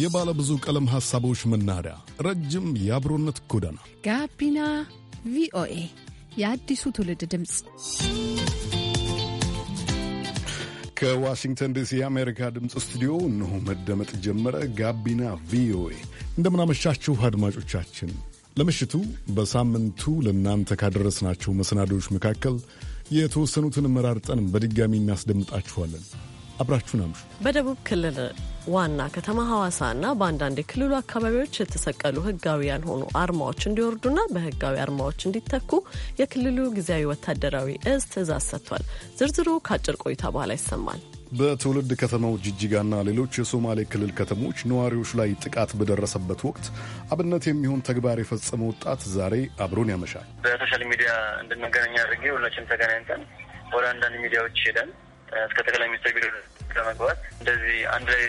የባለ ብዙ ቀለም ሐሳቦች መናኸሪያ፣ ረጅም የአብሮነት ጎዳና ጋቢና ቪኦኤ የአዲሱ ትውልድ ድምፅ ከዋሽንግተን ዲሲ የአሜሪካ ድምፅ ስቱዲዮ እነሆ መደመጥ ጀመረ። ጋቢና ቪኦኤ እንደምናመሻችሁ አድማጮቻችን። ለምሽቱ በሳምንቱ ለእናንተ ካደረስናቸው መሰናዶዎች መካከል የተወሰኑትን መራርጠን በድጋሚ እናስደምጣችኋለን። አብራችሁን አምሹ። በደቡብ ክልል ዋና ከተማ ሐዋሳና በአንዳንድ የክልሉ አካባቢዎች የተሰቀሉ ህጋዊ ያልሆኑ አርማዎች እንዲወርዱና በህጋዊ አርማዎች እንዲተኩ የክልሉ ጊዜያዊ ወታደራዊ እዝ ትዕዛዝ ሰጥቷል። ዝርዝሩ ከአጭር ቆይታ በኋላ ይሰማል። በትውልድ ከተማው ጅጅጋና ሌሎች የሶማሌ ክልል ከተሞች ነዋሪዎች ላይ ጥቃት በደረሰበት ወቅት አብነት የሚሆን ተግባር የፈጸመ ወጣት ዛሬ አብሮን ያመሻል። በሶሻል ሚዲያ እንድንገናኝ አድርጌ ሁላችን ተገናኝተን ወደ አንዳንድ ሚዲያዎች ሄደን እስከ ጠቅላይ ሚኒስትር ቢሮ ለመግባት እንደዚህ አንድ ላይ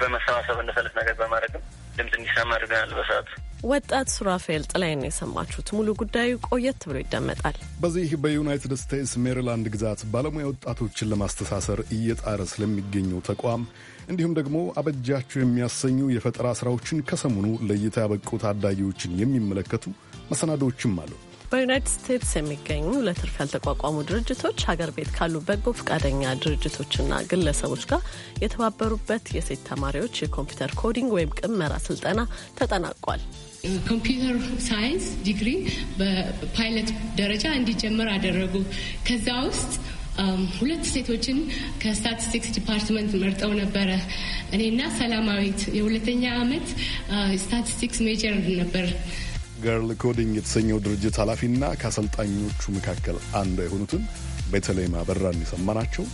በመሰባሰብ እንደፈለት ነገር በማድረግም ድምፅ እንዲሰማ አድርገናል በሰዓቱ። ወጣት ሱራፌል ጥላይን የሰማችሁት ሙሉ ጉዳዩ ቆየት ብሎ ይደመጣል። በዚህ በዩናይትድ ስቴትስ ሜሪላንድ ግዛት ባለሙያ ወጣቶችን ለማስተሳሰር እየጣረ ስለሚገኘው ተቋም እንዲሁም ደግሞ አበጃቸው የሚያሰኙ የፈጠራ ስራዎችን ከሰሞኑ ለእይታ ያበቁ ታዳጊዎችን የሚመለከቱ መሰናዶዎችም አሉ። በዩናይትድ ስቴትስ የሚገኙ ለትርፍ ያልተቋቋሙ ድርጅቶች ሀገር ቤት ካሉ በጎ ፈቃደኛ ድርጅቶችና ግለሰቦች ጋር የተባበሩበት የሴት ተማሪዎች የኮምፒውተር ኮዲንግ ወይም ቅመራ ስልጠና ተጠናቋል። ኮምፒውተር ሳይንስ ዲግሪ በፓይለት ደረጃ እንዲጀመር አደረጉ። ከዛ ውስጥ ሁለት ሴቶችን ከስታቲስቲክስ ዲፓርትመንት መርጠው ነበረ። እኔና ሰላማዊት የሁለተኛ ዓመት ስታቲስቲክስ ሜጀር ነበር። ገርል ኮዲንግ የተሰኘው ድርጅት ኃላፊና ከአሰልጣኞቹ መካከል አንዷ የሆኑትን በተለይ አበራን የሰማናቸው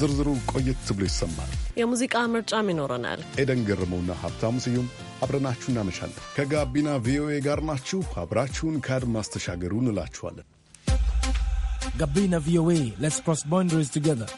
ዝርዝሩ ቆየት ብሎ ይሰማል። የሙዚቃ ምርጫም ይኖረናል። ኤደን ገርመውና ሀብታሙ ስዩም አብረናችሁ እናመሻለን። ከጋቢና ቪኦኤ ጋር ናችሁ። አብራችሁን ከአድማስ ተሻገሩ እንላችኋለን። ጋቢና ቪኦኤ ሌትስ ክሮስ ባውንደሪስ ቱጌዘር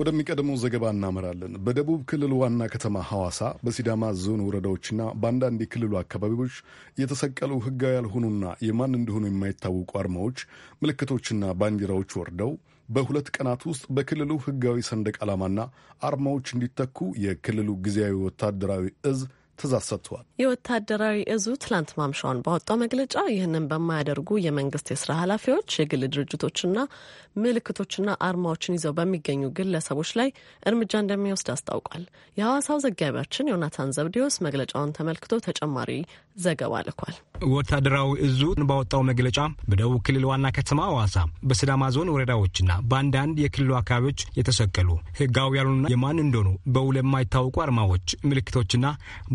ወደሚቀድመው ዘገባ እናመራለን። በደቡብ ክልል ዋና ከተማ ሐዋሳ በሲዳማ ዞን ወረዳዎችና በአንዳንድ የክልሉ አካባቢዎች የተሰቀሉ ሕጋዊ ያልሆኑና የማን እንደሆኑ የማይታወቁ አርማዎች፣ ምልክቶችና ባንዲራዎች ወርደው በሁለት ቀናት ውስጥ በክልሉ ሕጋዊ ሰንደቅ ዓላማና አርማዎች እንዲተኩ የክልሉ ጊዜያዊ ወታደራዊ እዝ ትእዛዝ ሰጥተዋል። የወታደራዊ እዙ ትላንት ማምሻውን ባወጣው መግለጫ ይህንን በማያደርጉ የመንግስት የስራ ኃላፊዎች፣ የግል ድርጅቶችና ምልክቶችና አርማዎችን ይዘው በሚገኙ ግለሰቦች ላይ እርምጃ እንደሚወስድ አስታውቋል። የሐዋሳው ዘጋቢያችን ዮናታን ዘብዴዎስ መግለጫውን ተመልክቶ ተጨማሪ ዘገባ ልኳል። ወታደራዊ እዙ ባወጣው መግለጫ በደቡብ ክልል ዋና ከተማ ሐዋሳ በስዳማ ዞን ወረዳዎችና በአንዳንድ የክልሉ አካባቢዎች የተሰቀሉ ህጋዊ ያሉና የማን እንደሆኑ በውል የማይታወቁ አርማዎች፣ ምልክቶችና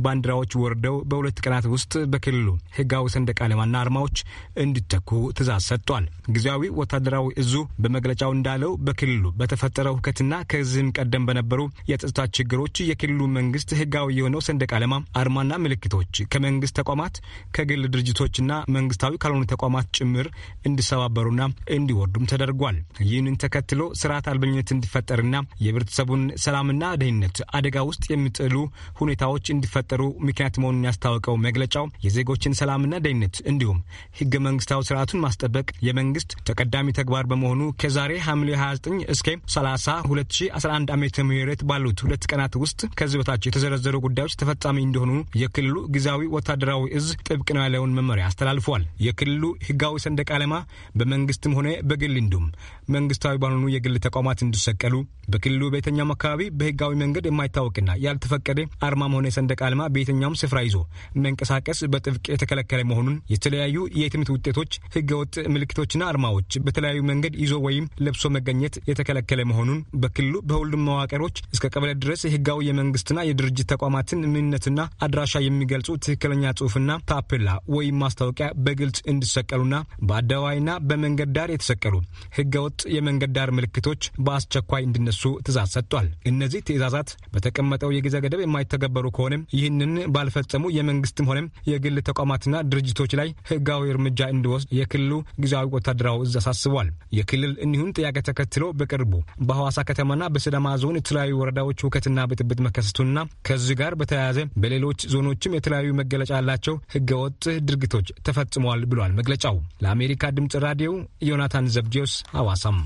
ባንዲራዎች ወርደው በሁለት ቀናት ውስጥ በክልሉ ህጋዊ ሰንደቅ ዓላማና አርማዎች እንዲተኩ ትእዛዝ ሰጥቷል። ጊዜያዊ ወታደራዊ እዙ በመግለጫው እንዳለው በክልሉ በተፈጠረው ሁከትና ከዚህም ቀደም በነበሩ የጸጥታ ችግሮች የክልሉ መንግስት ህጋዊ የሆነው ሰንደቅ ዓላማ አርማና ምልክቶች ከመንግስት ተቋ ተቋማት ከግል ድርጅቶችና መንግስታዊ ካልሆኑ ተቋማት ጭምር እንዲሰባበሩና እንዲወርዱም ተደርጓል። ይህንን ተከትሎ ስርዓት አልበኝነት እንዲፈጠርና የህብረተሰቡን ሰላምና ደህንነት አደጋ ውስጥ የሚጥሉ ሁኔታዎች እንዲፈጠሩ ምክንያት መሆኑን ያስታወቀው መግለጫው የዜጎችን ሰላምና ደህንነት እንዲሁም ህገ መንግስታዊ ስርዓቱን ማስጠበቅ የመንግስት ተቀዳሚ ተግባር በመሆኑ ከዛሬ ሐምሌ 29 እስከ 30 2011 ዓመተ ምህረት ባሉት ሁለት ቀናት ውስጥ ከዚህ በታች የተዘረዘሩ ጉዳዮች ተፈጻሚ እንደሆኑ የክልሉ ጊዜያዊ ወታደራዊ የወረዳው እዝ ጥብቅ ነው ያለውን መመሪያ አስተላልፏል። የክልሉ ህጋዊ ሰንደቅ ዓላማ በመንግስትም ሆነ በግል እንዲሁም መንግስታዊ ባልሆኑ የግል ተቋማት እንዲሰቀሉ፣ በክልሉ በየትኛውም አካባቢ በህጋዊ መንገድ የማይታወቅና ያልተፈቀደ አርማም ሆነ ሰንደቅ ዓላማ በየትኛውም ስፍራ ይዞ መንቀሳቀስ በጥብቅ የተከለከለ መሆኑን፣ የተለያዩ የትምህርት ውጤቶች፣ ህገወጥ ምልክቶችና አርማዎች በተለያዩ መንገድ ይዞ ወይም ለብሶ መገኘት የተከለከለ መሆኑን በክልሉ በሁሉም መዋቅሮች እስከ ቀበሌ ድረስ ህጋዊ የመንግስትና የድርጅት ተቋማትን ምንነትና አድራሻ የሚገልጹ ትክክለኛ ጽ ጽሑፍና ታፔላ ወይም ማስታወቂያ በግልጽ እንዲሰቀሉና በአደባባይና በመንገድ ዳር የተሰቀሉ ህገወጥ የመንገድ ዳር ምልክቶች በአስቸኳይ እንዲነሱ ትእዛዝ ሰጥቷል። እነዚህ ትእዛዛት በተቀመጠው የጊዜ ገደብ የማይተገበሩ ከሆነም ይህንን ባልፈጸሙ የመንግስትም ሆነም የግል ተቋማትና ድርጅቶች ላይ ህጋዊ እርምጃ እንዲወስድ የክልሉ ጊዜያዊ ወታደራዊ እዝ አሳስቧል። የክልል እኒሁን ጥያቄ ተከትሎ በቅርቡ በሐዋሳ ከተማና በስዳማ ዞን የተለያዩ ወረዳዎች ውከትና ብጥብጥ መከሰቱና ከዚህ ጋር በተያያዘ በሌሎች ዞኖችም የተለያዩ መገለጫ በመሆናቸው ህገወጥ ድርጊቶች ተፈጽመዋል ብሏል መግለጫው። ለአሜሪካ ድምፅ ራዲዮ ዮናታን ዘብዲዮስ ሐዋሳም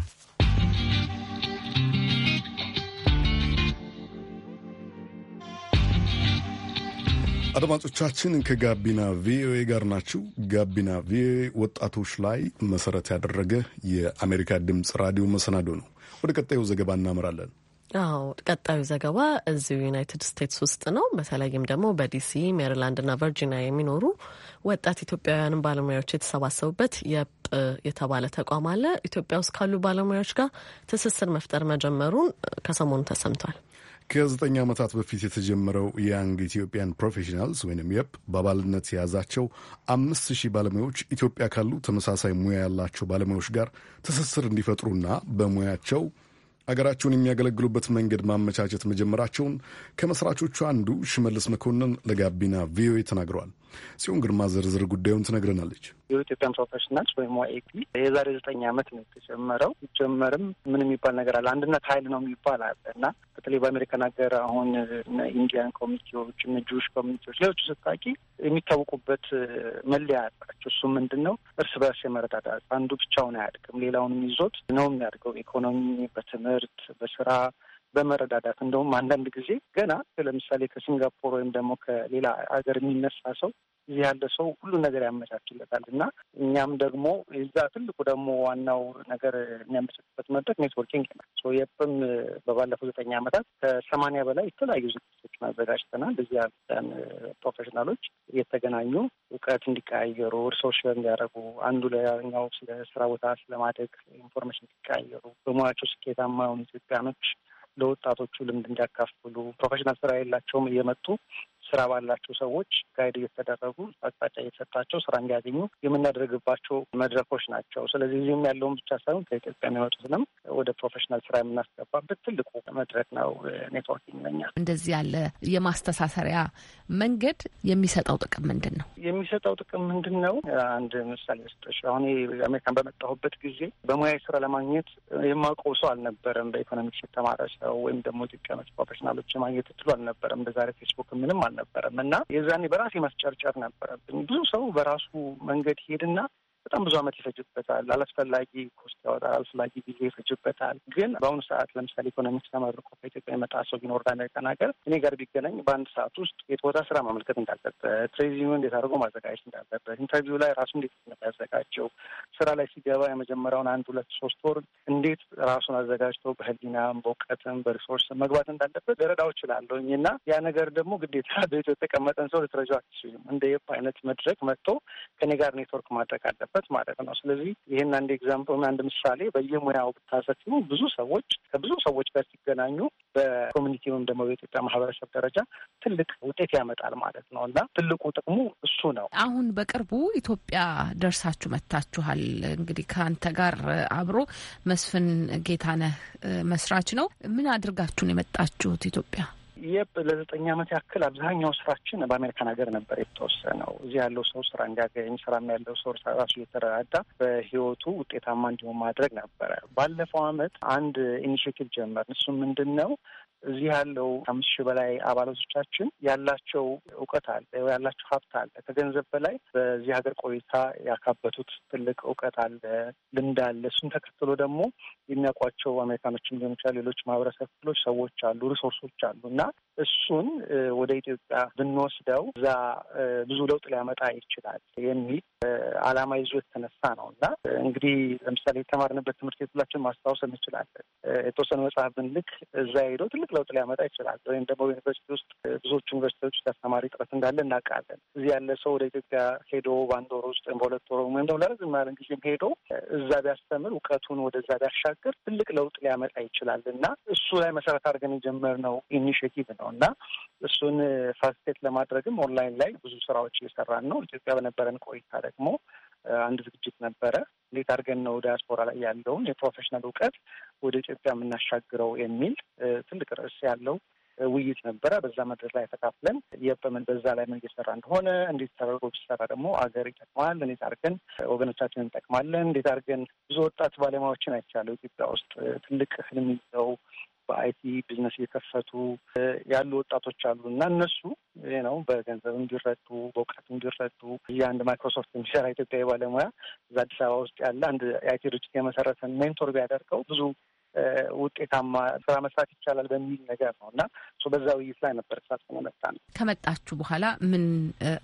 አድማጮቻችን ከጋቢና ቪኦኤ ጋር ናችሁ። ጋቢና ቪኦኤ ወጣቶች ላይ መሰረት ያደረገ የአሜሪካ ድምፅ ራዲዮ መሰናዶ ነው። ወደ ቀጣዩ ዘገባ እናመራለን። አዎ ቀጣዩ ዘገባ እዚሁ ዩናይትድ ስቴትስ ውስጥ ነው። በተለይም ደግሞ በዲሲ ሜሪላንድ እና ቨርጂኒያ የሚኖሩ ወጣት ኢትዮጵያውያንን ባለሙያዎች የተሰባሰቡበት የፕ የተባለ ተቋም አለ። ኢትዮጵያ ውስጥ ካሉ ባለሙያዎች ጋር ትስስር መፍጠር መጀመሩን ከሰሞኑ ተሰምቷል። ከዘጠኝ ዓመታት በፊት የተጀመረው የያንግ ኢትዮጵያን ፕሮፌሽናልስ ወይም የፕ በአባልነት የያዛቸው አምስት ሺህ ባለሙያዎች ኢትዮጵያ ካሉ ተመሳሳይ ሙያ ያላቸው ባለሙያዎች ጋር ትስስር እንዲፈጥሩና በሙያቸው አገራቸውን የሚያገለግሉበት መንገድ ማመቻቸት መጀመራቸውን ከመስራቾቹ አንዱ ሽመልስ መኮንን ለጋቢና ቪኦኤ ተናግረዋል። ሲሆን ግርማ ዝርዝር ጉዳዩን ትነግረናለች። የኢትዮጵያን ፕሮፌሽናልስ ወይም ዋኤፒ የዛሬ ዘጠኝ ዓመት ነው የተጀመረው። ሲጀመርም ምን የሚባል ነገር አለ አንድነት ኃይል ነው የሚባል አለ እና በተለይ በአሜሪካን ሀገር አሁን ኢንዲያን ኮሚኒቲዎች፣ ጁሽ ኮሚኒቲዎች፣ ሌሎቹ ስታቂ የሚታወቁበት መለያ አላቸው። እሱ ምንድን ነው? እርስ በርስ የመረዳዳት አንዱ ብቻውን አያድግም፣ ሌላውንም ይዞት ነው የሚያድገው። ኢኮኖሚ፣ በትምህርት፣ በስራ በመረዳዳት እንደውም አንዳንድ ጊዜ ገና ለምሳሌ ከሲንጋፖር ወይም ደግሞ ከሌላ ሀገር የሚነሳ ሰው እዚህ ያለ ሰው ሁሉ ነገር ያመቻችለታል እና እኛም ደግሞ እዛ ትልቁ ደግሞ ዋናው ነገር የሚያመቻችበት መድረክ ኔትወርኪንግ ነው። የፕም በባለፈው ዘጠኝ ዓመታት ከሰማንያ በላይ የተለያዩ ዝግጅቶችን አዘጋጅተናል። እዚህ ያለን ፕሮፌሽናሎች እየተገናኙ እውቀት እንዲቀያየሩ፣ ሪሶርስ እንዲያደርጉ፣ አንዱ ለኛው ስለ ስራ ቦታ ስለማደግ ኢንፎርሜሽን እንዲቀያየሩ፣ በሙያቸው ስኬታማ የሆኑ ኢትዮጵያኖች ለወጣቶቹ ልምድ እንዲያካፍሉ ፕሮፌሽናል ስራ የላቸውም እየመጡ ስራ ባላቸው ሰዎች ጋይድ እየተደረጉ አቅጣጫ እየተሰጣቸው ስራ እንዲያገኙ የምናደርግባቸው መድረኮች ናቸው። ስለዚህ እዚህም ያለውን ብቻ ሳይሆን ከኢትዮጵያ የሚመጡትንም ወደ ፕሮፌሽናል ስራ የምናስገባበት ትልቁ መድረክ ነው ኔትወርኪንግ ለኛ። እንደዚህ ያለ የማስተሳሰሪያ መንገድ የሚሰጠው ጥቅም ምንድን ነው? የሚሰጠው ጥቅም ምንድን ነው? አንድ ምሳሌ ስጦች። አሁን አሜሪካን በመጣሁበት ጊዜ በሙያዊ ስራ ለማግኘት የማውቀው ሰው አልነበረም። በኢኮኖሚክስ የተማረ ሰው ወይም ደግሞ ኢትዮጵያ ፕሮፌሽናሎች የማግኘት እድሉ አልነበረም። እንደዛሬ ፌስቡክ ምንም አልነበረም። አልነበረም እና የዛኔ በራሴ ማስጨርጨር ነበረብኝ። ብዙ ሰው በራሱ መንገድ ሄድና በጣም ብዙ ዓመት ይፈጅበታል። አላስፈላጊ ኮስት ያወጣል። አላስፈላጊ ጊዜ ይፈጅበታል። ግን በአሁኑ ሰዓት ለምሳሌ ኢኮኖሚክስ ተመርቆ ከኢትዮጵያ የመጣ ሰው ቢኖር አሜሪካን ሀገር እኔ ጋር ቢገናኝ በአንድ ሰዓት ውስጥ የት ቦታ ስራ ማመልከት እንዳለበት፣ ሬዚሙ እንዴት አድርጎ ማዘጋጀት እንዳለበት፣ ኢንተርቪው ላይ ራሱ እንዴት ያዘጋጀው፣ ስራ ላይ ሲገባ የመጀመሪያውን አንድ ሁለት ሶስት ወር እንዴት ራሱን አዘጋጅቶ በህሊናም በእውቀትም በሪሶርስ መግባት እንዳለበት ልረዳው እችላለሁኝ እና ያ ነገር ደግሞ ግዴታ በኢትዮጵያ የተቀመጠን ሰው ልትረጃ አትችልም። እንደ የብ አይነት መድረክ መጥቶ ከኔ ጋር ኔትወርክ ማድረግ አለበት። ያለበት ማለት ነው። ስለዚህ ይህን አንድ ኤግዛምፕል አንድ ምሳሌ በየሙያው ብታሰፊው ብዙ ሰዎች ከብዙ ሰዎች ጋር ሲገናኙ በኮሚኒቲ ወይም ደግሞ በኢትዮጵያ ማህበረሰብ ደረጃ ትልቅ ውጤት ያመጣል ማለት ነው እና ትልቁ ጥቅሙ እሱ ነው። አሁን በቅርቡ ኢትዮጵያ ደርሳችሁ መታችኋል እንግዲህ ከአንተ ጋር አብሮ መስፍን ጌታነህ መስራች ነው። ምን አድርጋችሁን የመጣችሁት ኢትዮጵያ? ቆየ። ለዘጠኝ ዓመት ያክል አብዛኛው ስራችን በአሜሪካን ሀገር ነበር የተወሰነው። እዚህ ያለው ሰው ስራ እንዲያገኝ ስራም ያለው ሰው ራሱ እየተረዳዳ በህይወቱ ውጤታማ እንዲሆን ማድረግ ነበረ። ባለፈው አመት አንድ ኢኒሽቲቭ ጀመር። እሱ ምንድን ነው እዚህ ያለው አምስት ሺህ በላይ አባላቶቻችን ያላቸው እውቀት አለ፣ ያላቸው ሀብት አለ። ከገንዘብ በላይ በዚህ ሀገር ቆይታ ያካበቱት ትልቅ እውቀት አለ፣ ልምድ አለ። እሱን ተከትሎ ደግሞ የሚያውቋቸው አሜሪካኖችም ሊሆን ይችላል ሌሎች ማህበረሰብ ክፍሎች ሰዎች አሉ፣ ሪሶርሶች አሉ እና እሱን ወደ ኢትዮጵያ ብንወስደው እዛ ብዙ ለውጥ ሊያመጣ ይችላል የሚል አላማ ይዞ የተነሳ ነው እና እንግዲህ ለምሳሌ የተማርንበት ትምህርት ቤት ሁላችን ማስታወስ እንችላለን። የተወሰነ መጽሐፍ ብንልክ እዛ ሄዶ ትልቅ ለውጥ ሊያመጣ ይችላል። ወይም ደግሞ ዩኒቨርሲቲ ውስጥ ብዙዎቹ ዩኒቨርሲቲዎች ተስተማሪ ጥረት እንዳለ እናውቃለን። እዚህ ያለ ሰው ወደ ኢትዮጵያ ሄዶ በአንድ ወር ውስጥ ወይም በሁለት ወር ወይም ደግሞ ለረዝም ያለ ጊዜም ሄዶ እዛ ቢያስተምር እውቀቱን ወደዛ ቢያሻገር ትልቅ ለውጥ ሊያመጣ ይችላል እና እሱ ላይ መሰረት አድርገን የጀመርነው ኢኒሽቲቭ ነው። እና እሱን ፋስቴት ለማድረግም ኦንላይን ላይ ብዙ ስራዎች እየሰራን ነው። ኢትዮጵያ በነበረን ቆይታ ደግሞ አንድ ዝግጅት ነበረ። እንዴት አድርገን ነው ዲያስፖራ ላይ ያለውን የፕሮፌሽናል እውቀት ወደ ኢትዮጵያ የምናሻግረው የሚል ትልቅ ርዕስ ያለው ውይይት ነበረ። በዛ መድረክ ላይ ተካፍለን የበምን በዛ ላይ ምን እየሰራ እንደሆነ እንዴት ተደርጎ ቢሰራ ደግሞ አገር ይጠቅማል፣ እንዴት አድርገን ወገኖቻችን እንጠቅማለን፣ እንዴት አድርገን ብዙ ወጣት ባለሙያዎችን አይቻለሁ ኢትዮጵያ ውስጥ ትልቅ ህልም ይዘው በአይቲ ቢዝነስ እየከፈቱ ያሉ ወጣቶች አሉ እና እነሱ ነው በገንዘብ እንዲረዱ በእውቀት እንዲረዱ የአንድ ማይክሮሶፍት የሚሰራ ኢትዮጵያዊ ባለሙያ እዛ አዲስ አበባ ውስጥ ያለ አንድ የአይቲ ድርጅት የመሰረተን ሜንቶር ቢያደርገው ብዙ ውጤታማ ስራ መስራት ይቻላል በሚል ነገር ነው እና በዛ ውይይት ላይ ነበር ሳት መጣ ነው። ከመጣችሁ በኋላ ምን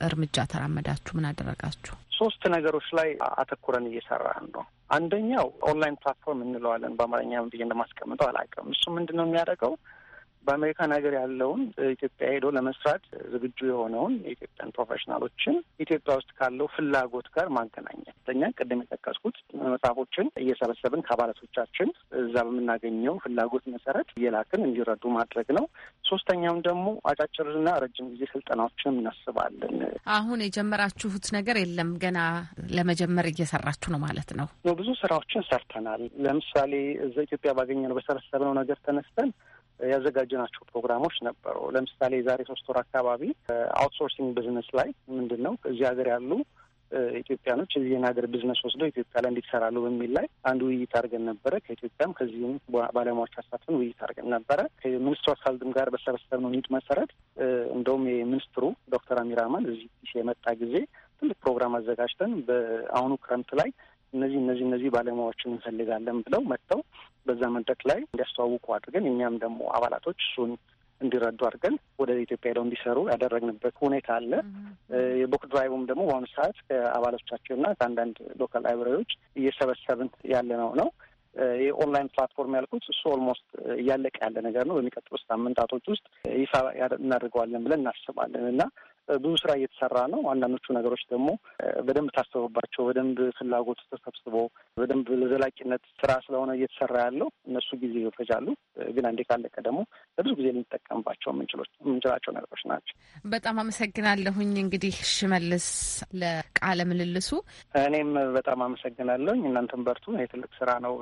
እርምጃ ተራመዳችሁ? ምን አደረጋችሁ? ሶስት ነገሮች ላይ አተኩረን እየሰራን ነው። አንደኛው ኦንላይን ፕላትፎርም እንለዋለን በአማርኛ ብዬ እንደማስቀምጠው አላውቅም። እሱ ምንድን ነው የሚያደርገው በአሜሪካን ሀገር ያለውን ኢትዮጵያ ሄዶ ለመስራት ዝግጁ የሆነውን የኢትዮጵያን ፕሮፌሽናሎችን ኢትዮጵያ ውስጥ ካለው ፍላጎት ጋር ማገናኘት ተኛ ቅድም የጠቀስኩት መጽሐፎችን እየሰበሰብን ከአባላቶቻችን እዛ በምናገኘው ፍላጎት መሰረት እየላክን እንዲረዱ ማድረግ ነው። ሶስተኛውም ደግሞ አጫጭርና ረጅም ጊዜ ስልጠናዎችን እናስባለን። አሁን የጀመራችሁት ነገር የለም ገና ለመጀመር እየሰራችሁ ነው ማለት ነው? ብዙ ስራዎችን ሰርተናል። ለምሳሌ እዛ ኢትዮጵያ ባገኘነው በሰበሰብነው ነገር ተነስተን ያዘጋጀናቸው ፕሮግራሞች ነበሩ። ለምሳሌ የዛሬ ሶስት ወር አካባቢ አውትሶርሲንግ ቢዝነስ ላይ ምንድን ነው እዚህ ሀገር ያሉ ኢትዮጵያኖች እዚህን ሀገር ቢዝነስ ወስደው ኢትዮጵያ ላይ እንዲሰራሉ በሚል ላይ አንድ ውይይት አድርገን ነበረ። ከኢትዮጵያም ከዚህም ባለሙያዎች አሳትፈን ውይይት አድርገን ነበረ። ከሚኒስትሩ አስካልድም ጋር በሰበሰብነው ኒድ መሰረት እንደውም የሚኒስትሩ ዶክተር አሚር አማን እዚህ የመጣ ጊዜ ትልቅ ፕሮግራም አዘጋጅተን በአሁኑ ክረምት ላይ እነዚህ እነዚህ እነዚህ ባለሙያዎችን እንፈልጋለን ብለው መጥተው በዛ መድረክ ላይ እንዲያስተዋውቁ አድርገን እኛም ደግሞ አባላቶች እሱን እንዲረዱ አድርገን ወደ ኢትዮጵያ ሄደው እንዲሰሩ ያደረግንበት ሁኔታ አለ። የቡክ ድራይቭም ደግሞ በአሁኑ ሰዓት ከአባሎቻቸውና ከአንዳንድ ሎካል ላይብራሪዎች እየሰበሰብን ያለ ነው ነው የኦንላይን ፕላትፎርም ያልኩት እሱ ኦልሞስት እያለቀ ያለ ነገር ነው። በሚቀጥሉ ሳምንታቶች ውስጥ ይፋ እናደርገዋለን ብለን እናስባለን እና ብዙ ስራ እየተሰራ ነው። አንዳንዶቹ ነገሮች ደግሞ በደንብ ታሰበባቸው በደንብ ፍላጎቱ ተሰብስቦ፣ በደንብ ለዘላቂነት ስራ ስለሆነ እየተሰራ ያለው እነሱ ጊዜ ይፈጃሉ። ግን አንዴ ካለቀ ደግሞ ለብዙ ጊዜ ልንጠቀምባቸው የምንችላቸው ነገሮች ናቸው። በጣም አመሰግናለሁኝ። እንግዲህ ሽመልስ ለቃለ ምልልሱ እኔም በጣም አመሰግናለሁኝ። እናንተም በርቱ። ይህ ትልቅ ስራ ነው።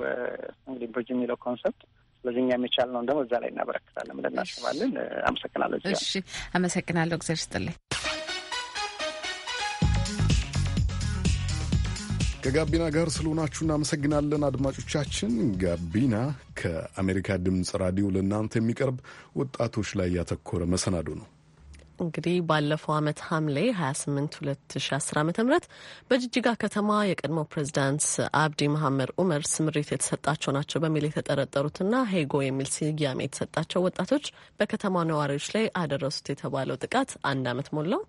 እንግዲህ ብርጅ የሚለው ኮንሰፕት ስለዚህ እኛ የሚቻል ነው ደግሞ እዛ ላይ እናበረክታለን ብለን እናስባለን። አመሰግናለሁ። እሺ፣ አመሰግናለሁ። እግዚአብሔር ይስጥልኝ። ከጋቢና ጋር ስለሆናችሁ እናመሰግናለን አድማጮቻችን። ጋቢና ከአሜሪካ ድምፅ ራዲዮ ለእናንተ የሚቀርብ ወጣቶች ላይ ያተኮረ መሰናዶ ነው። እንግዲህ ባለፈው ዓመት ሐምሌ 28 2010 ዓ ም በጅጅጋ ከተማ የቀድሞ ፕሬዚዳንት አብዲ መሐመድ ኡመር ስምሪት የተሰጣቸው ናቸው በሚል የተጠረጠሩትና ሄጎ የሚል ስያሜ የተሰጣቸው ወጣቶች በከተማው ነዋሪዎች ላይ አደረሱት የተባለው ጥቃት አንድ አመት ሞላው።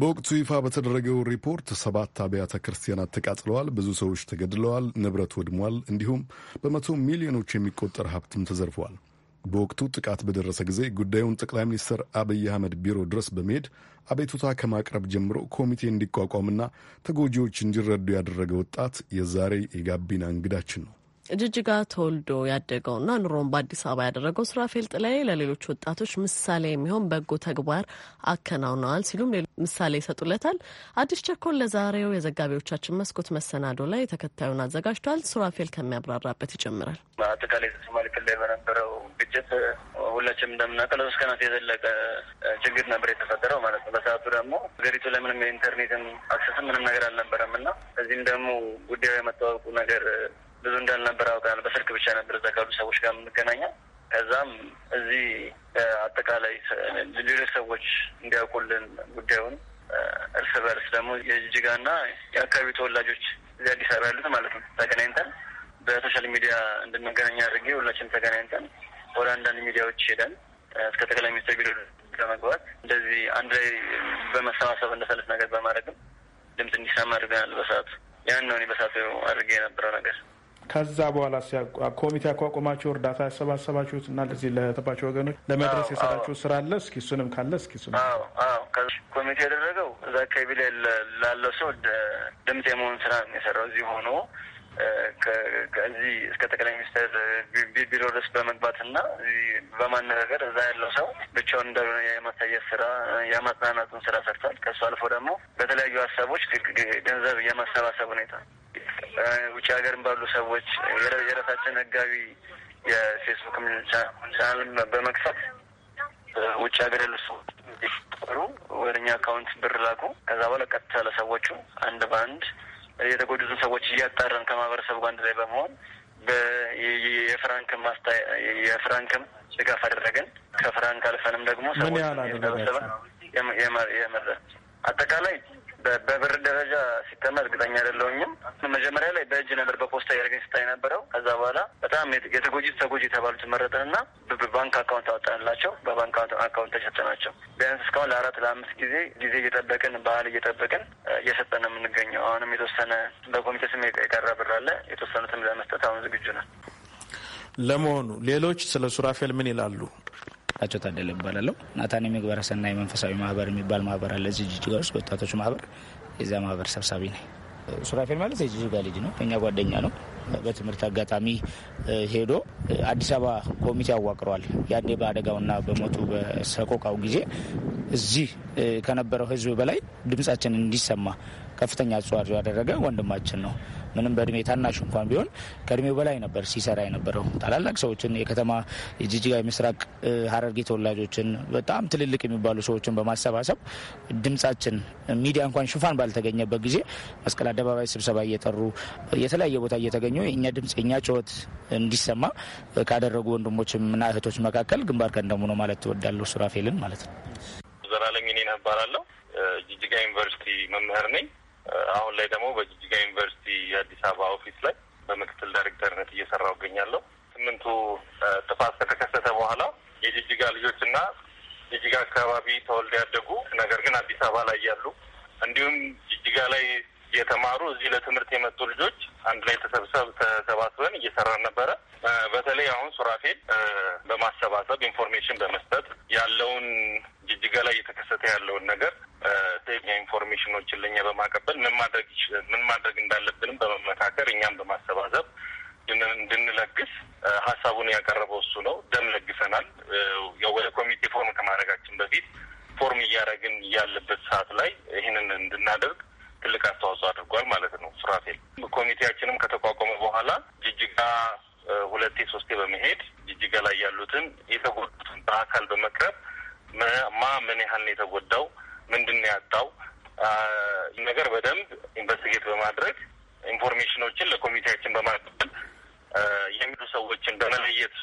በወቅቱ ይፋ በተደረገው ሪፖርት ሰባት አብያተ ክርስቲያናት ተቃጥለዋል፣ ብዙ ሰዎች ተገድለዋል፣ ንብረት ወድሟል፣ እንዲሁም በመቶ ሚሊዮኖች የሚቆጠር ሀብትም ተዘርፈዋል። በወቅቱ ጥቃት በደረሰ ጊዜ ጉዳዩን ጠቅላይ ሚኒስትር አብይ አህመድ ቢሮ ድረስ በመሄድ አቤቱታ ከማቅረብ ጀምሮ ኮሚቴ እንዲቋቋምና ተጎጂዎች እንዲረዱ ያደረገ ወጣት የዛሬ የጋቢና እንግዳችን ነው። ጅጅጋ ተወልዶ ያደገውና ኑሮን በአዲስ አበባ ያደረገው ስራፌል ጥላዬ ለሌሎች ወጣቶች ምሳሌ የሚሆን በጎ ተግባር አከናውነዋል ሲሉም ምሳሌ ይሰጡለታል። አዲስ ቸኮል ለዛሬው የዘጋቢዎቻችን መስኮት መሰናዶ ላይ ተከታዩን አዘጋጅቷል። ስራፌል ከሚያብራራበት ይጀምራል። አጠቃላይ ሶማሌ ክልል በነበረው ግጭት ሁላችንም እንደምናውቀው ለሶስት ቀናት የዘለቀ ችግር ነበር የተፈጠረው ማለት ነው። በሰዓቱ ደግሞ ሀገሪቱ ለምንም ምንም የኢንተርኔትም አክሰስም ምንም ነገር አልነበረም እና እዚህም ደግሞ ጉዳዩ የመታወቁ ነገር ብዙ እንዳልነበር አውቃል። በስልክ ብቻ ነበር እዛ ካሉ ሰዎች ጋር የምንገናኘው። ከዛም እዚህ አጠቃላይ ሌሎች ሰዎች እንዲያውቁልን ጉዳዩን እርስ በርስ ደግሞ የጅጅጋና የአካባቢ ተወላጆች እዚህ አዲስ አበባ ያሉት ማለት ነው ተገናኝተን በሶሻል ሚዲያ እንድንገናኝ አድርጌ ሁላችንም ተገናኝተን ወደ አንዳንድ ሚዲያዎች ሄደን እስከ ጠቅላይ ሚኒስትር ቢሮ ለመግባት እንደዚህ አንድ ላይ በመሰባሰብ እንደሰለት ነገር በማድረግም ድምፅ እንዲሰማ አድርገናል። በሰዓቱ ያን ነው እኔ በሰዓቱ አድርጌ የነበረው ነገር። ከዛ በኋላ ኮሚቴ አቋቁማቸው እርዳታ ያሰባሰባችሁት እና ለዚህ ለተባቸው ወገኖች ለመድረስ የሰራችሁ ስራ አለ? እስኪ እሱንም ካለ እስኪ እሱ ኮሚቴ ያደረገው እዛ አካባቢ ላይ ላለው ሰው ድምጽ የመሆን ስራ የሰራው እዚህ ሆኖ ከዚህ እስከ ጠቅላይ ሚኒስትር ቢሮ ድረስ በመግባት እና በማነጋገር እዛ ያለው ሰው ብቻውን እንዳልሆነ የማሳየት ስራ የማጽናናቱን ስራ ሰርቷል። ከሱ አልፎ ደግሞ በተለያዩ ሀሳቦች ገንዘብ የማሰባሰብ ሁኔታ ውጭ ሀገርም ባሉ ሰዎች የራሳችን ህጋዊ የፌስቡክ ቻናል በመክፈት ውጭ ሀገር ያሉ ሰዎች ሩ ወደ እኛ አካውንት ብር ላኩ። ከዛ በኋላ ቀጥታ ለሰዎቹ አንድ በአንድ የተጎዱትን ሰዎች እያጣራን ከማህበረሰቡ አንድ ላይ በመሆን የፍራንክም የፍራንክም ድጋፍ አደረገን። ከፍራንክ አልፈንም ደግሞ ሰዎች ሰበሰበ የመረ አጠቃላይ በብር ደረጃ ሲተማ እርግጠኛ አይደለሁኝም። መጀመሪያ ላይ በእጅ ነበር በፖስታ ያደርገኝ ስታይ ነበረው። ከዛ በኋላ በጣም የተጎጂ ተጎጂ የተባሉት መረጥንና በባንክ አካውንት አወጣንላቸው። በባንክ አካውንት ተሸጠናቸው። ቢያንስ እስካሁን ለአራት ለአምስት ጊዜ ጊዜ እየጠበቅን ባህል እየጠበቅን እየሰጠን ነው የምንገኘው። አሁንም የተወሰነ በኮሚቴ ስም የቀረ ብር አለ። የተወሰኑትም ለመስጠት አሁን ዝግጁ ነን። ለመሆኑ ሌሎች ስለ ሱራፌል ምን ይላሉ? በቃቸው ታደለ ይባላለሁ። ናታን የምግባረሰና የመንፈሳዊ ማህበር የሚባል ማህበር አለ እዚህ ጅጅጋ ውስጥ ወጣቶች ማህበር፣ የዚያ ማህበር ሰብሳቢ ነኝ። ሱራፌል ማለት የጅጅጋ ልጅ ነው፣ እኛ ጓደኛ ነው። በትምህርት አጋጣሚ ሄዶ አዲስ አበባ ኮሚቴ አዋቅሯል። ያኔ በአደጋውና በሞቱ በሰቆቃው ጊዜ እዚህ ከነበረው ህዝብ በላይ ድምጻችን እንዲሰማ ከፍተኛ አስተዋጽኦ ያደረገ ወንድማችን ነው። ምንም በእድሜ ታናሽ እንኳን ቢሆን ከእድሜው በላይ ነበር ሲሰራ የነበረው። ታላላቅ ሰዎችን የከተማ ጅጅጋ ምስራቅ ሀረርጌ ተወላጆችን በጣም ትልልቅ የሚባሉ ሰዎችን በማሰባሰብ ድምጻችን ሚዲያ እንኳን ሽፋን ባልተገኘበት ጊዜ መስቀል አደባባይ ስብሰባ እየጠሩ የተለያየ ቦታ እየተገኙ የእኛ ድምጽ የእኛ ጩኸት እንዲሰማ ካደረጉ ወንድሞችና እህቶች መካከል ግንባር ቀደሙ ነው ማለት ትወዳለሁ። ሱራፌልን ማለት ነው። ዘላለም እኔ እባላለሁ። ጅጅጋ ዩኒቨርሲቲ መምህር ነኝ። አሁን ላይ ደግሞ በጅጅጋ ዩኒቨርሲቲ የአዲስ አበባ ኦፊስ ላይ በምክትል ዳይሬክተርነት እየሰራው እገኛለሁ። ስምንቱ ጥፋት ከተከሰተ በኋላ የጅጅጋ ልጆች እና ጅጅጋ አካባቢ ተወልደ ያደጉ ነገር ግን አዲስ አበባ ላይ ያሉ እንዲሁም ጅጅጋ ላይ የተማሩ እዚህ ለትምህርት የመጡ ልጆች አንድ ላይ ተሰብሰብ ተሰባስበን እየሰራን ነበረ። በተለይ አሁን ሱራፌል በማሰባሰብ ኢንፎርሜሽን በመስጠት ያለውን ጅጅጋ ላይ እየተከሰተ ያለውን ነገር ኢንፎርሜሽኖችን ለኛ በማቀበል ምን ማድረግ ምን ማድረግ እንዳለብንም በመመካከር እኛም በማሰባሰብ እንድንለግስ ሀሳቡን ያቀረበው እሱ ነው። ደም ለግሰናል። ወደ ኮሚቴ ፎርም ከማድረጋችን በፊት ፎርም እያደረግን ያለበት ሰዓት ላይ ይህንን እንድናደርግ ትልቅ አስተዋጽኦ አድርጓል ማለት ነው። ሱራፌል ኮሚቴያችንም ከተቋቋመ በኋላ ጅጅጋ ሁለቴ ሶስቴ በመሄድ ጅጅጋ ላይ ያሉትን የተጎዱትን በአካል በመቅረብ ማ ምን ያህል ነው የተጎዳው፣ ምንድን ነው ያጣው ነገር በደንብ ኢንቨስቲጌት በማድረግ ኢንፎርሜሽኖችን ለኮሚቴያችን በማቀበል የሚሉ ሰዎችን በመለየት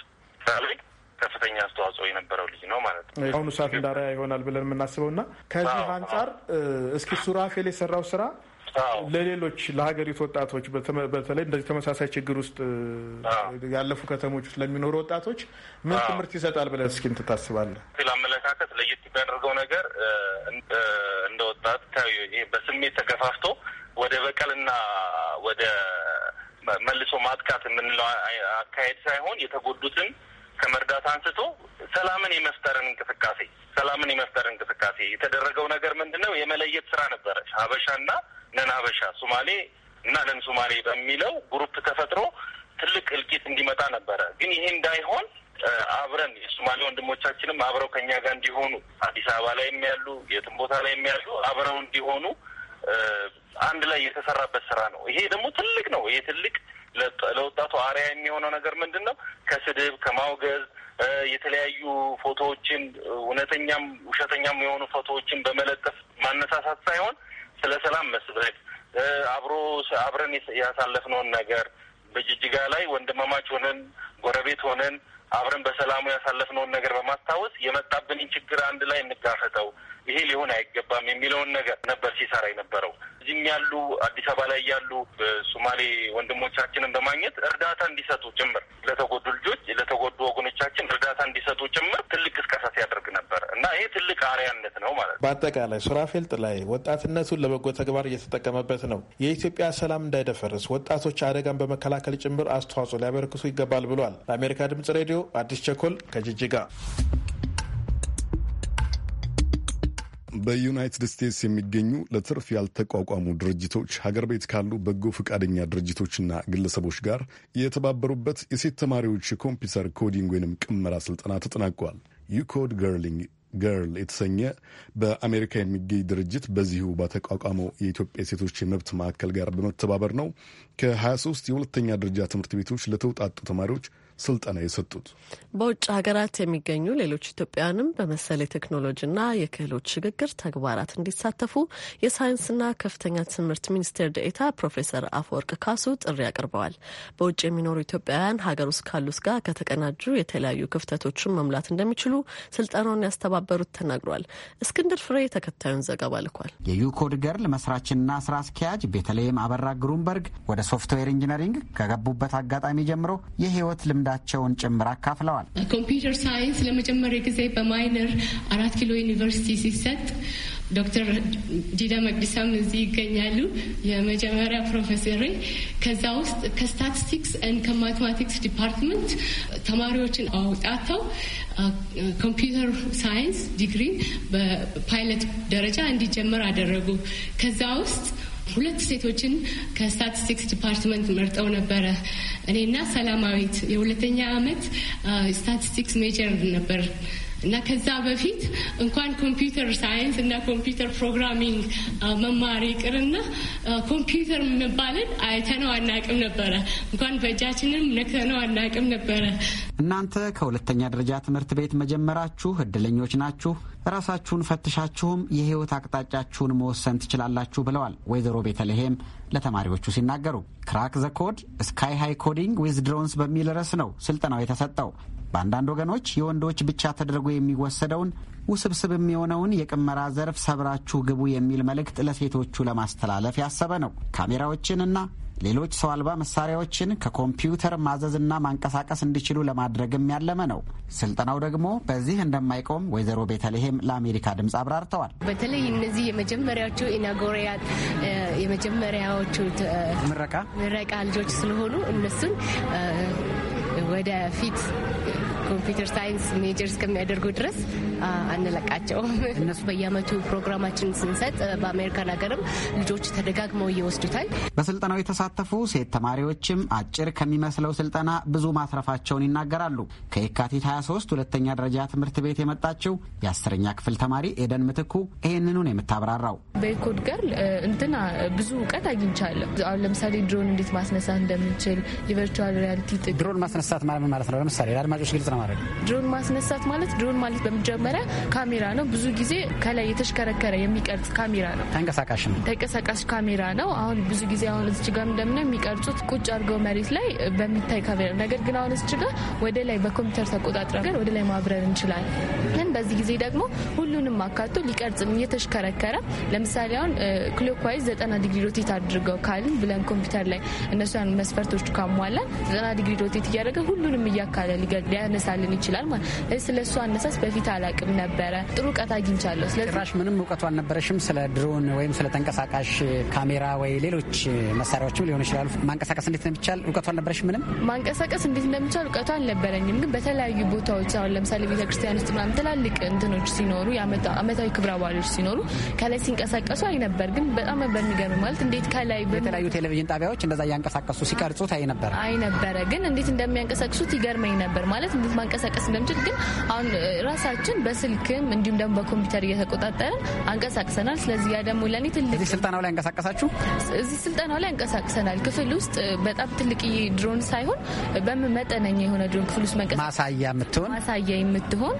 ስራ ላይ ከፍተኛ አስተዋጽኦ የነበረው ልጅ ነው ማለት ነው። አሁኑ ሰዓት እንዳሪያ ይሆናል ብለን የምናስበው እና ከዚህ አንጻር እስኪ ሱራፌል የሰራው ስራ ለሌሎች ለሀገሪቱ ወጣቶች በተለይ እንደዚህ ተመሳሳይ ችግር ውስጥ ያለፉ ከተሞች ውስጥ ለሚኖሩ ወጣቶች ምን ትምህርት ይሰጣል ብለህ እስኪ እንትን ታስባለህ? አመለካከት ለየት የሚያደርገው ነገር እንደ ወጣት በስሜት ተገፋፍቶ ወደ በቀልና ወደ መልሶ ማጥቃት የምንለው አካሄድ ሳይሆን የተጎዱትን ከመርዳት አንስቶ ሰላምን የመፍጠርን እንቅስቃሴ ሰላምን የመፍጠር እንቅስቃሴ የተደረገው ነገር ምንድን ነው? የመለየት ስራ ነበረ። ሀበሻና ነን ሀበሻ፣ ሱማሌ እና ነን ሱማሌ በሚለው ግሩፕ ተፈጥሮ ትልቅ እልቂት እንዲመጣ ነበረ። ግን ይሄ እንዳይሆን አብረን የሶማሌ ወንድሞቻችንም አብረው ከኛ ጋር እንዲሆኑ አዲስ አበባ ላይ የሚያሉ የትም ቦታ ላይ የሚያሉ አብረው እንዲሆኑ አንድ ላይ የተሰራበት ስራ ነው። ይሄ ደግሞ ትልቅ ነው። ይሄ ትልቅ ለወጣቱ አሪያ የሚሆነው ነገር ምንድን ነው? ከስድብ ከማውገዝ የተለያዩ ፎቶዎችን እውነተኛም ውሸተኛም የሆኑ ፎቶዎችን በመለጠፍ ማነሳሳት ሳይሆን ስለ ሰላም መስበክ አብሮ አብረን ያሳለፍነውን ነገር በጅጅጋ ላይ ወንድማማች ሆነን ጎረቤት ሆነን አብረን በሰላሙ ያሳለፍነውን ነገር በማስታወስ የመጣብንን ችግር አንድ ላይ እንጋፈጠው፣ ይሄ ሊሆን አይገባም የሚለውን ነገር ነበር ሲሰራ የነበረው። እዚህም ያሉ አዲስ አበባ ላይ ያሉ ሶማሌ ወንድሞቻችንን በማግኘት እርዳታ እንዲሰጡ ጭምር ለተጎዱ ልጆች፣ ለተጎዱ ወገኖቻችን እርዳታ እንዲሰጡ ጭምር ትልቅ እስቀሳ ሲያደርግ ነበር እና ይሄ ትልቅ አርያነት ነው ማለት ነው። በአጠቃላይ ፌልጥ ላይ ወጣትነቱን ለበጎ ተግባር እየተጠቀመበት ነው። የኢትዮጵያ ሰላም እንዳይደፈርስ ወጣቶች አደጋን በመከላከል ጭምር አስተዋጽኦ ሊያበረክቱ ይገባል ብሏል። ለአሜሪካ ድምጽ ሬዲዮ አዲስ ቸኮል ከጅጅጋ። በዩናይትድ ስቴትስ የሚገኙ ለትርፍ ያልተቋቋሙ ድርጅቶች ሀገር ቤት ካሉ በጎ ፈቃደኛ ድርጅቶችና ግለሰቦች ጋር የተባበሩበት የሴት ተማሪዎች የኮምፒውተር ኮዲንግ ወይም ቅመራ ስልጠና ተጠናቋል። ዩኮድ ገርሊንግ ገርል የተሰኘ በአሜሪካ የሚገኝ ድርጅት በዚሁ በተቋቋመው የኢትዮጵያ ሴቶች የመብት ማዕከል ጋር በመተባበር ነው ከ23 የሁለተኛ ደረጃ ትምህርት ቤቶች ለተውጣጡ ተማሪዎች ስልጠና የሰጡት። በውጭ ሀገራት የሚገኙ ሌሎች ኢትዮጵያውያንም በመሰል የቴክኖሎጂና የክህሎች ሽግግር ተግባራት እንዲሳተፉ የሳይንስና ከፍተኛ ትምህርት ሚኒስቴር ደኤታ ፕሮፌሰር አፈወርቅ ካሱ ጥሪ አቅርበዋል። በውጭ የሚኖሩ ኢትዮጵያውያን ሀገር ውስጥ ካሉት ጋር ከተቀናጁ የተለያዩ ክፍተቶችን መሙላት እንደሚችሉ ስልጠናውን ያስተባበሩት ተናግሯል። እስክንድር ፍሬ ተከታዩን ዘገባ ልኳል። የዩኮድ ገርል መስራችና ስራ አስኪያጅ ቤተልሔም አበራ ግሩምበርግ ወደ ሶፍትዌር ኢንጂነሪንግ ከገቡበት አጋጣሚ ጀምሮ የህይወት ልምድ ልምዳቸውን ጭምር አካፍለዋል። ኮምፒውተር ሳይንስ ለመጀመሪያ ጊዜ በማይነር አራት ኪሎ ዩኒቨርሲቲ ሲሰጥ ዶክተር ዲዳ መቅዲሳም እዚህ ይገኛሉ። የመጀመሪያ ፕሮፌሰር ከዛ ውስጥ ከስታቲስቲክስ ን ከማቴማቲክስ ዲፓርትመንት ተማሪዎችን አውጣተው ኮምፒውተር ሳይንስ ዲግሪ በፓይለት ደረጃ እንዲጀመር አደረጉ። ከዛ ውስጥ ሁለት ሴቶችን ከስታቲስቲክስ ዲፓርትመንት መርጠው ነበረ። እኔና ሰላማዊት የሁለተኛ አመት ስታቲስቲክስ ሜጀር ነበር እና ከዛ በፊት እንኳን ኮምፒውተር ሳይንስ እና ኮምፒውተር ፕሮግራሚንግ መማር ይቅርና ኮምፒውተር የሚባልን አይተነው አናቅም ነበረ። እንኳን በእጃችንም ነክተነው አናቅም ነበረ። እናንተ ከሁለተኛ ደረጃ ትምህርት ቤት መጀመራችሁ እድለኞች ናችሁ። ራሳችሁን ፈትሻችሁም የህይወት አቅጣጫችሁን መወሰን ትችላላችሁ ብለዋል ወይዘሮ ቤተልሔም ለተማሪዎቹ ሲናገሩ። ክራክ ዘ ኮድ ስካይ ሃይ ኮዲንግ ዊዝ ድሮንስ በሚል ርዕስ ነው ስልጠናው የተሰጠው። በአንዳንድ ወገኖች የወንዶች ብቻ ተደርጎ የሚወሰደውን ውስብስብም የሆነውን የቅመራ ዘርፍ ሰብራችሁ ግቡ የሚል መልእክት ለሴቶቹ ለማስተላለፍ ያሰበ ነው። ካሜራዎችንና ሌሎች ሰው አልባ መሳሪያዎችን ከኮምፒውተር ማዘዝና ማንቀሳቀስ እንዲችሉ ለማድረግም ያለመ ነው። ስልጠናው ደግሞ በዚህ እንደማይቆም ወይዘሮ ቤተልሔም ለአሜሪካ ድምፅ አብራርተዋል። በተለይ እነዚህ የመጀመሪያዎቹ ኢናጎሪያ የመጀመሪያዎቹ ምረቃ ምረቃ ልጆች ስለሆኑ እነሱን ወደፊት ኮምፒውተር ሳይንስ ሜጀር እስከሚያደርጉ ድረስ አንለቃቸውም። እነሱ በየአመቱ ፕሮግራማችን ስንሰጥ በአሜሪካን ሀገርም ልጆች ተደጋግመው እየወስዱታል። በስልጠናው የተሳተፉ ሴት ተማሪዎችም አጭር ከሚመስለው ስልጠና ብዙ ማትረፋቸውን ይናገራሉ። ከየካቲት 23 ሁለተኛ ደረጃ ትምህርት ቤት የመጣችው የአስረኛ ክፍል ተማሪ ኤደን ምትኩ ይህንኑን የምታብራራው በኮድ ጋር እንትና ብዙ እውቀት አግኝቻለሁ። አሁን ለምሳሌ ድሮን እንዴት ማስነሳት እንደምንችል የቨርቹዋል ሪያሊቲ ድሮን ማስነ ማስነሳት ማለት ማለት ነው። ለምሳሌ ለአድማጮች ግልጽ ነው ማድረግ ድሮን ማስነሳት ማለት ድሮን ማለት በመጀመሪያ ካሜራ ነው። ብዙ ጊዜ ከላይ የተሽከረከረ የሚቀርጽ ካሜራ ነው። ተንቀሳቃሽ ነው። ተንቀሳቃሽ ካሜራ ነው። አሁን ብዙ ጊዜ አሁን እዚች ጋር የሚቀርጹት ቁጭ አድርገው መሬት ላይ በሚታይ ካሜራ፣ ነገር ግን አሁን እዚች ጋር ወደ ላይ በኮምፒውተር ተቆጣጥረን ወደ ላይ ማብረር እንችላለን። በዚህ ጊዜ ደግሞ ሁሉንም አካቶ ሊቀርጽም እየተሽከረከረ ለምሳሌ አሁን ክሎክዋይዝ ዘጠና ዲግሪ ሮቴት አድርገው ካልን ብለን ኮምፒውተር ላይ እነሱን መስፈርቶች ካሟላን ዘጠና ዲግሪ ሮቴት እያደረገ ነገር ሁሉንም እያካለ ሊያነሳልን ይችላል ማለት ስለ እሱ አነሳስ በፊት አላቅም ነበረ። ጥሩ እውቀት አግኝቻለሁ። ስለራሽ ምንም እውቀቱ አልነበረሽም። ስለ ድሮን ወይም ስለ ተንቀሳቃሽ ካሜራ ወይ ሌሎች መሳሪያዎችም ሊሆኑ ይችላሉ። ማንቀሳቀስ እንዴት እንደሚቻል እውቀቱ አልነበረሽም። ምንም ማንቀሳቀስ እንዴት እንደሚቻል እውቀቱ አልነበረኝም። ግን በተለያዩ ቦታዎች አሁን ለምሳሌ ቤተክርስቲያን ውስጥ ምናምን ትላልቅ እንትኖች ሲኖሩ አመታዊ ክብረ በዓሎች ሲኖሩ ከላይ ሲንቀሳቀሱ አይ ነበር። ግን በጣም በሚገርም ማለት እንዴት ከላይ የተለያዩ ቴሌቪዥን ጣቢያዎች እንደዛ እያንቀሳቀሱ ሲቀርጹት አይ ነበር አይ ነበረ ግን እንዴት እንደሚያ የሚያንቀሳቅሱት ይገርመኝ ነበር ማለት እንዴት ማንቀሳቀስ እንደምችል። ግን አሁን ራሳችን በስልክም እንዲሁም ደግሞ በኮምፒውተር እየተቆጣጠርን አንቀሳቅሰናል። ስለዚህ ያ ደግሞ ለእኔ ትልቅ እዚህ ስልጠናው ላይ አንቀሳቀሳችሁ እዚህ ስልጠናው ላይ አንቀሳቅሰናል። ክፍል ውስጥ በጣም ትልቅ ድሮን ሳይሆን በመጠነኛ የሆነ ድሮን ክፍል ውስጥ ማሳያ የምትሆን ማሳያ የምትሆን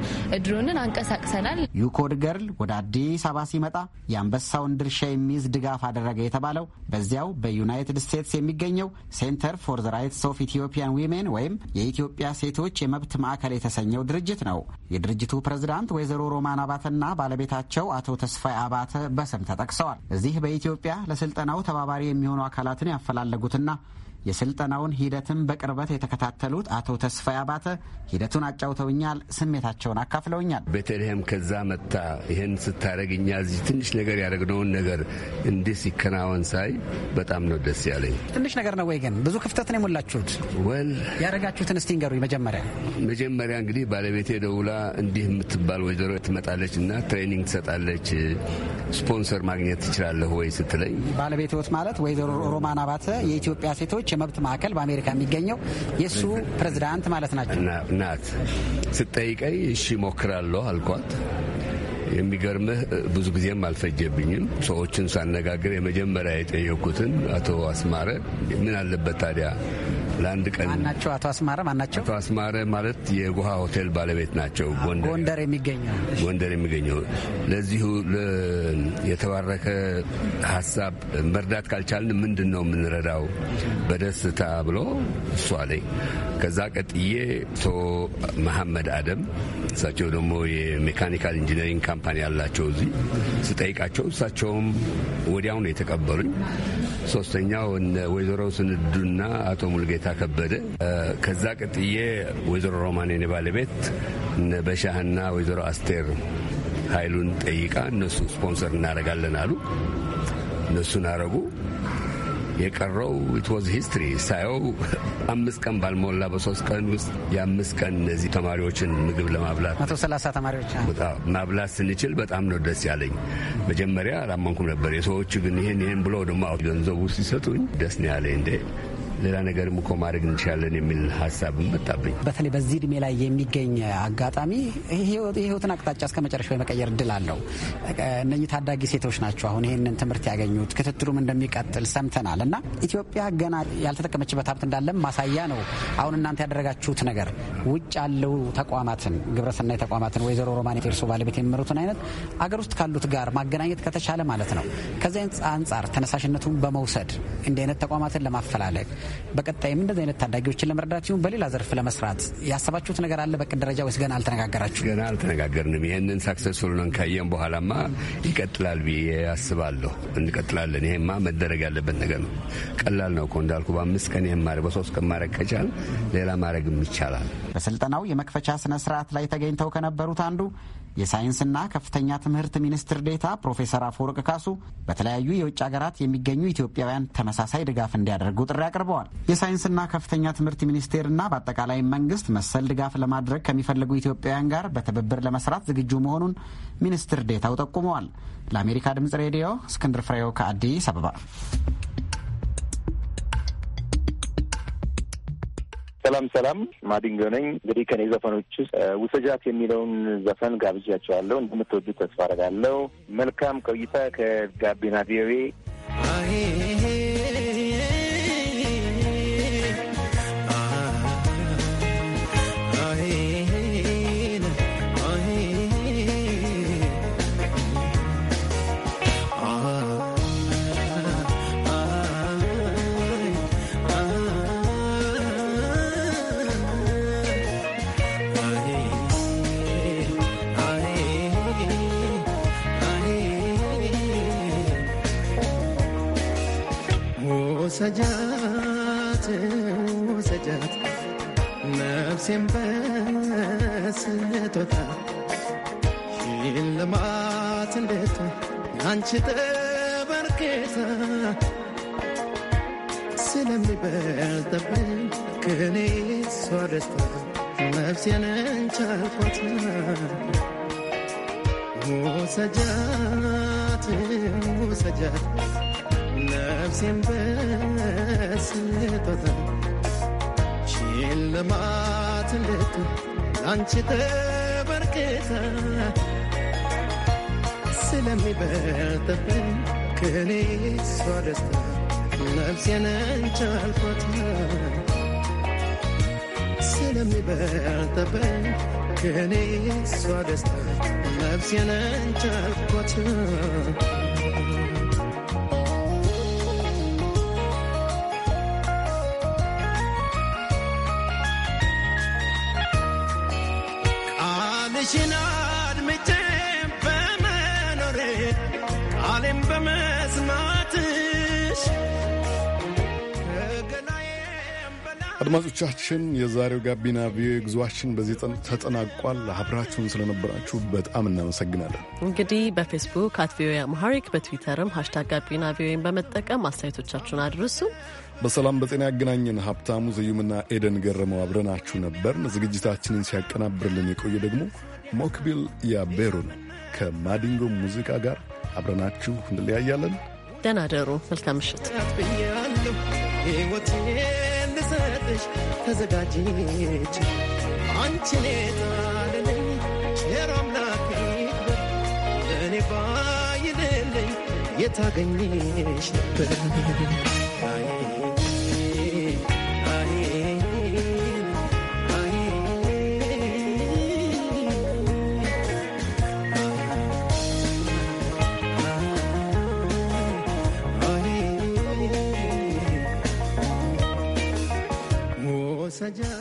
ድሮንን አንቀሳቅሰናል። ዩኮድ ገርል ወደ አዲስ አበባ ሲመጣ የአንበሳውን ድርሻ የሚይዝ ድጋፍ አደረገ የተባለው በዚያው በዩናይትድ ስቴትስ የሚገኘው ሴንተር ፎር ዘ ራይትስ ኦፍ ኢትዮጵያን ዊሜን ወይም ወይም የኢትዮጵያ ሴቶች የመብት ማዕከል የተሰኘው ድርጅት ነው። የድርጅቱ ፕሬዝዳንት ወይዘሮ ሮማን አባተና ባለቤታቸው አቶ ተስፋይ አባተ በስም ተጠቅሰዋል። እዚህ በኢትዮጵያ ለስልጠናው ተባባሪ የሚሆኑ አካላትን ያፈላለጉትና የስልጠናውን ሂደትም በቅርበት የተከታተሉት አቶ ተስፋይ አባተ ሂደቱን አጫውተውኛል። ስሜታቸውን አካፍለውኛል። ቤተልሔም ከዛ መታ ይህን ስታደረግ እኛ እዚህ ትንሽ ነገር ያደረግነውን ነገር እንዲህ ሲከናወን ሳይ በጣም ነው ደስ ያለኝ። ትንሽ ነገር ነው ወይ ግን ብዙ ክፍተት ነው የሞላችሁት? ወል ያደረጋችሁትን እስቲ ንገሩኝ። መጀመሪያ መጀመሪያ እንግዲህ ባለቤቴ ደውላ እንዲህ የምትባል ወይዘሮ ትመጣለች እና ትሬኒንግ ትሰጣለች ስፖንሰር ማግኘት ትችላለሁ ወይ ስትለኝ ባለቤቴዎት ማለት ወይዘሮ ሮማን አባተ የኢትዮጵያ ሴቶች የመብት ማዕከል በአሜሪካ የሚገኘው የእሱ ፕሬዚዳንት ማለት ናቸው ናት። ስጠይቀኝ እሺ ሞክራለሁ አልኳት። የሚገርምህ ብዙ ጊዜም አልፈጀብኝም። ሰዎችን ሳነጋግር የመጀመሪያ የጠየኩትን አቶ አስማረ ምን አለበት ታዲያ ለአንድ ቀን ናቸው። አቶ አስማረ ናቸው? አቶ አስማረ ማለት የጉሃ ሆቴል ባለቤት ናቸው። ጎንደር የሚገኘው ጎንደር የሚገኘው ለዚሁ የተባረከ ሀሳብ መርዳት ካልቻልን ምንድን ነው የምንረዳው በደስታ ብሎ እሷ ላይ ከዛ ቀጥዬ አቶ መሐመድ አደም እሳቸው ደግሞ የሜካኒካል ኢንጂነሪንግ ካምፓኒ ያላቸው እዚህ ስጠይቃቸው እሳቸውም ወዲያውኑ የተቀበሉኝ ሶስተኛው ወይዘሮ ስንዱና አቶ ሙልጌታ ዳዊት ከበደ፣ ከዛ ቀጥዬ ወይዘሮ ሮማኔኔ ባለቤት በሻህና ወይዘሮ አስቴር ኃይሉን ጠይቃ እነሱ ስፖንሰር እናደርጋለን አሉ። እነሱን አረጉ። የቀረው ኢትወዝ ሂስትሪ ሳየው አምስት ቀን ባልሞላ በሶስት ቀን ውስጥ የአምስት ቀን እነዚህ ተማሪዎችን ምግብ ለማብላት መቶ ሰላሳ ተማሪዎች ማብላት ስንችል በጣም ነው ደስ ያለኝ። መጀመሪያ አላመንኩም ነበር። የሰዎቹ ግን ይህን ይህን ብሎ ደሞ ገንዘቡ ሲሰጡኝ ደስ ነው ያለኝ እንዴ ሌላ ነገርም እኮ ማድረግ እንችላለን የሚል ሀሳብ መጣብኝ። በተለይ በዚህ እድሜ ላይ የሚገኝ አጋጣሚ የህይወትን አቅጣጫ እስከ መጨረሻው የመቀየር እድል አለው። እነኚህ ታዳጊ ሴቶች ናቸው አሁን ይህንን ትምህርት ያገኙት። ክትትሉም እንደሚቀጥል ሰምተናል እና ኢትዮጵያ ገና ያልተጠቀመችበት ሀብት እንዳለም ማሳያ ነው። አሁን እናንተ ያደረጋችሁት ነገር ውጭ ያለው ተቋማትን ግብረሰናይ ተቋማትን ወይዘሮ ሮማን ቴርሶ ባለቤት የሚመሩትን አይነት አገር ውስጥ ካሉት ጋር ማገናኘት ከተቻለ ማለት ነው። ከዚህ አንጻር ተነሳሽነቱን በመውሰድ እንዲህ አይነት ተቋማትን ለማፈላለግ በቀጣይም እንደዚህ አይነት ታዳጊዎችን ለመርዳት ሲሆን በሌላ ዘርፍ ለመስራት ያሰባችሁት ነገር አለ በቅድ ደረጃ ወይስ ገና አልተነጋገራችሁ? ገና አልተነጋገርንም። ይህንን ሳክሰስፉል ነን ካየን በኋላማ ይቀጥላል ብዬ አስባለሁ። እንቀጥላለን። ይሄማ መደረግ ያለበት ነገር ነው። ቀላል ነው እኮ እንዳልኩ፣ በአምስት ቀን ይህን ማድረግ በሶስት ቀን ማድረግ ከቻል ሌላ ማድረግም ይቻላል። በስልጠናው የመክፈቻ ስነ ስርዓት ላይ ተገኝተው ከነበሩት አንዱ የሳይንስና ከፍተኛ ትምህርት ሚኒስትር ዴታ ፕሮፌሰር አፈወርቅ ካሱ በተለያዩ የውጭ ሀገራት የሚገኙ ኢትዮጵያውያን ተመሳሳይ ድጋፍ እንዲያደርጉ ጥሪ አቅርበዋል። የሳይንስና ከፍተኛ ትምህርት ሚኒስቴርና በአጠቃላይ መንግስት መሰል ድጋፍ ለማድረግ ከሚፈልጉ ኢትዮጵያውያን ጋር በትብብር ለመስራት ዝግጁ መሆኑን ሚኒስትር ዴታው ጠቁመዋል። ለአሜሪካ ድምጽ ሬዲዮ እስክንድር ፍሬው ከአዲስ አበባ ሰላም ሰላም፣ ማዲንጎ ነኝ። እንግዲህ ከኔ ዘፈኖች ውስጥ ውሰጃት የሚለውን ዘፈን ጋብዣቸዋለሁ። እንደምትወዱት ተስፋ አደርጋለሁ። መልካም ቆይታ ከጋቢና ቪኦኤ። ci te barchesa se la mi belta ben che ne so resta ma se ne c'è fatta musajat musajat nafsin bas letata chil mat letu anci te barchesa ስለሚበልጥብን ከኔ እሷ ደስታ ነፍሴን አንቺ አልፏታል ስለሚበልጥብን ከኔ እሷ ደስታ ነፍሴን አንቺ አልፏታል አድማጮቻችን የዛሬው ጋቢና ቪኦኤ ጉዟችን በዚህ ተጠናቋል። አብራችሁን ስለነበራችሁ በጣም እናመሰግናለን። እንግዲህ በፌስቡክ አት ቪኦኤ አማሃሪክ በትዊተርም ሀሽታግ ጋቢና ቪኦኤን በመጠቀም አስተያየቶቻችሁን አድርሱ። በሰላም በጤና ያገናኘን። ሀብታሙ ስዩምና ኤደን ገረመው አብረናችሁ ነበርን። ዝግጅታችንን ሲያቀናብርልን የቆየ ደግሞ ሞክቢል ያቤሩ ነው። ከማዲንጎ ሙዚቃ ጋር አብረናችሁ እንለያያለን። ደናደሩ መልካም ምሽት። ልሽ ተዘጋጀች አንቺን የጣለልኝ ቸር አምላክ እኔ ለእኔ ባይልልኝ የታገኝሽ ነበር más